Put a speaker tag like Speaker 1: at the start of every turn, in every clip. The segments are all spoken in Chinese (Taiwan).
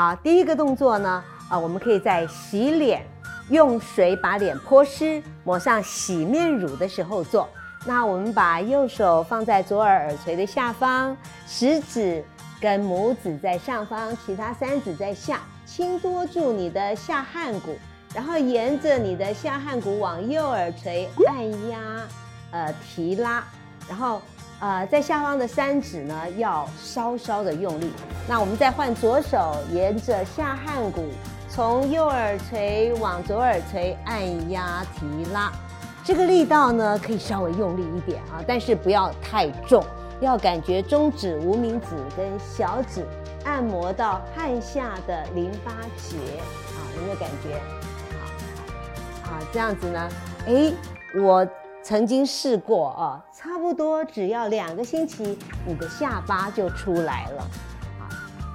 Speaker 1: 好，第一個動作呢，啊、呃，我們可以在洗臉，用水把臉潑濕，抹上洗面乳的時候做。那我們把右手放在左耳耳垂的下方，食指跟拇指在上方，其他三指在下，輕托住你的下頜骨，然後沿着你的下頜骨往右耳垂按壓，呃，提拉，然後。啊、呃，在下方的三指呢，要稍稍的用力。那我們再換左手，沿着下頜骨，從右耳垂往左耳垂按壓提拉，這個力道呢，可以稍微用力一點啊，但是不要太重，要感覺中指、無名指跟小指按摩到頜下的淋巴結啊，有沒有感覺啊？啊，這樣子呢，誒，我。曾經試過啊，差不多只要兩個星期，你的下巴就出來了。啊，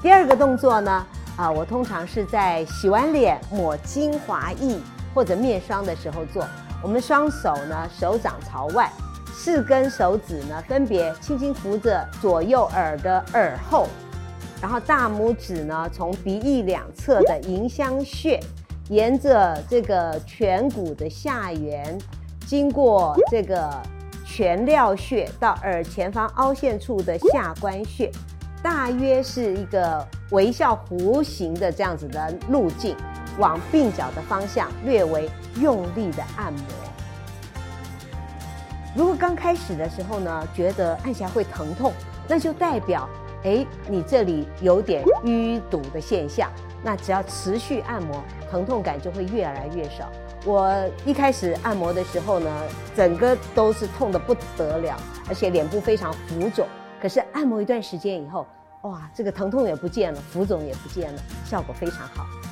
Speaker 1: 第二個動作呢，啊，我通常是在洗完臉、抹精華液或者面霜的時候做。我們雙手呢，手掌朝外，四根手指呢，分別輕輕扶着左右耳的耳後，然後大拇指呢，從鼻翼兩側的迎香穴，沿着這個顴骨的下緣。經過這個顴髎穴到耳前方凹陷處的下關穴，大約是一個微笑弧形的這樣子的路徑，往鬢角的方向略微用力的按摩。如果剛開始的時候呢，覺得按下來會疼痛，那就代表哎你這裡有點淤堵的現象，那只要持續按摩，疼痛感就會越來越少。我一開始按摩的時候呢，整個都是痛得不得了，而且臉部非常浮腫。可是按摩一段時間以後，哇，這個疼痛也不見了，浮腫也不見了，效果非常好。